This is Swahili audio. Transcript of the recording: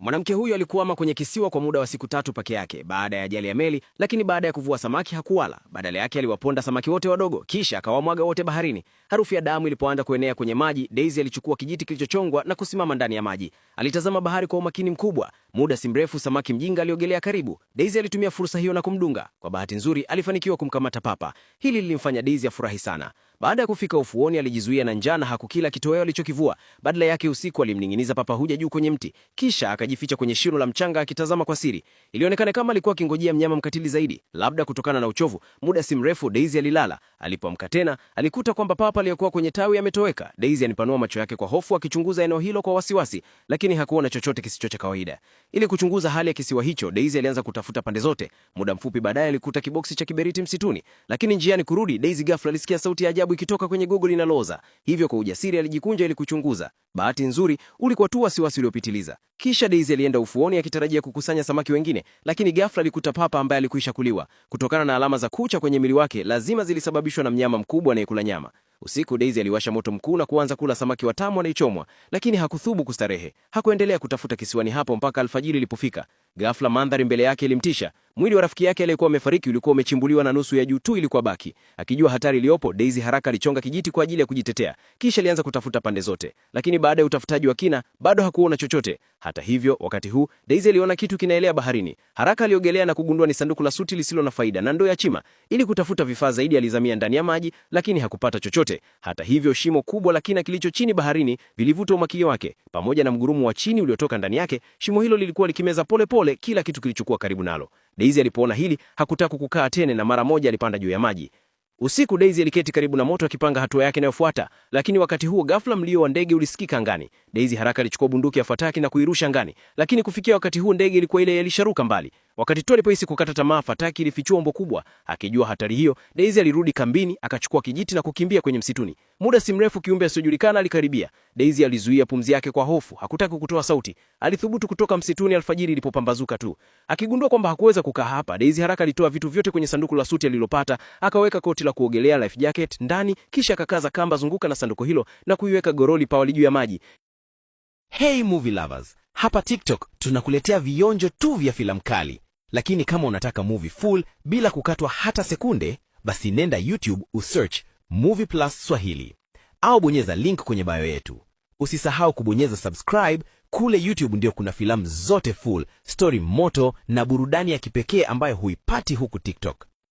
Mwanamke huyo alikuama kwenye kisiwa kwa muda wa siku tatu peke yake baada ya ajali ya meli, lakini baada ya kuvua samaki hakuwala. Badala yake aliwaponda samaki wote wadogo, kisha akawamwaga wote baharini. Harufu ya damu ilipoanza kuenea kwenye maji, Daisy alichukua kijiti kilichochongwa na kusimama ndani ya maji. Alitazama bahari kwa umakini mkubwa. Muda si mrefu samaki mjinga aliogelea karibu. Daisy alitumia fursa hiyo na kumdunga. Kwa bahati nzuri, alifanikiwa kumkamata papa. Hili lilimfanya Daisy afurahi sana. Baada ya kufika ufuoni, alijizuia na njaa na hakukila kitoweo alichokivua. Badala yake, usiku alimning'iniza papa huja juu kwenye mti, kisha akajificha kwenye shino la mchanga akitazama kwa siri. Ilionekana kama alikuwa akingojea mnyama mkatili zaidi, labda kutokana na uchovu. Muda si mrefu, Daisy alilala. Alipoamka tena, alikuta kwamba papa aliyekuwa kwenye tawi ametoweka. Daisy alipanua macho yake kwa hofu, akichunguza eneo hilo kwa wasiwasi, lakini hakuona chochote kisicho cha kawaida. Ili kuchunguza hali ya kisiwa hicho, Daisy alianza kutafuta pande zote. Muda mfupi baadaye alikuta kiboksi cha kiberiti msituni, lakini njiani kurudi, Daisy ghafla alisikia sauti ya ajabu ikitoka kwenye gogo linalooza. Hivyo kwa ujasiri alijikunja ili kuchunguza. Bahati nzuri ulikuwa tu wasiwasi uliopitiliza. Kisha Daisy alienda ufuoni akitarajia kukusanya samaki wengine, lakini ghafla alikuta papa ambaye alikwisha kuliwa. Kutokana na alama za kucha kwenye mwili wake, lazima zilisababishwa na mnyama mkubwa anayekula nyama. Usiku Daisy aliwasha moto mkuu na kuanza kula samaki watamu anaichomwa, lakini hakuthubu kustarehe. Hakuendelea kutafuta kisiwani hapo mpaka alfajiri ilipofika. Ghafla mandhari mbele yake ilimtisha. Mwili wa rafiki yake aliyekuwa amefariki ulikuwa umechimbuliwa na nusu ya juu tu ilikuwa baki. Akijua hatari iliyopo, Daisy haraka alichonga kijiti kwa ajili ya kujitetea, kisha alianza kutafuta pande zote, lakini baada ya utafutaji wa kina bado hakuona chochote. Hata hivyo, wakati huu Daisy aliona kitu kinaelea baharini. Haraka aliogelea na kugundua ni sanduku la suti lisilo na faida na ndoo ya chima. Ili kutafuta vifaa zaidi, alizamia ndani ya maji, lakini hakupata chochote. Hata hivyo, shimo kubwa la kina kilicho chini baharini vilivuta umakini wake pamoja na mgurumo wa chini uliotoka ndani yake. Shimo hilo lilikuwa likimeza polepole pole kila kitu kilichokuwa karibu nalo. Daisy alipoona hili hakutaka kukaa tena, na mara moja alipanda juu ya maji. Usiku Daisy aliketi karibu na moto akipanga hatua yake inayofuata, lakini wakati huo ghafla mlio wa ndege ulisikika angani. Daisy haraka alichukua bunduki ya fataki na kuirusha angani, lakini kufikia wakati huu ndege ilikuwa ile ilisharuka mbali. Wakati tu alipohisi kukata tamaa, fataki ilifichua umbo kubwa. Akijua hatari hiyo, Daisy alirudi kambini, akachukua kijiti na kukimbia kwenye msituni. Muda si mrefu, kiumbe asiyojulikana alikaribia. Daisy alizuia pumzi yake kwa hofu, hakutaki kutoa sauti. Alithubutu kutoka msituni alfajiri ilipopambazuka tu. Akigundua kwamba hakuweza kukaa hapa, Daisy haraka alitoa vitu vyote kwenye sanduku la suti alilopata, akaweka koti la kuogelea life jacket ndani, kisha akakaza kamba zunguka na sanduku hilo na kuiweka goroli pawali juu ya maji. Hey movie lovers, hapa TikTok tunakuletea vionjo tu vya filamu kali lakini kama unataka movie full bila kukatwa hata sekunde, basi nenda YouTube usearch Movie Plus Swahili au bonyeza link kwenye bio yetu. Usisahau kubonyeza subscribe kule YouTube, ndio kuna filamu zote full, story moto na burudani ya kipekee ambayo huipati huku TikTok.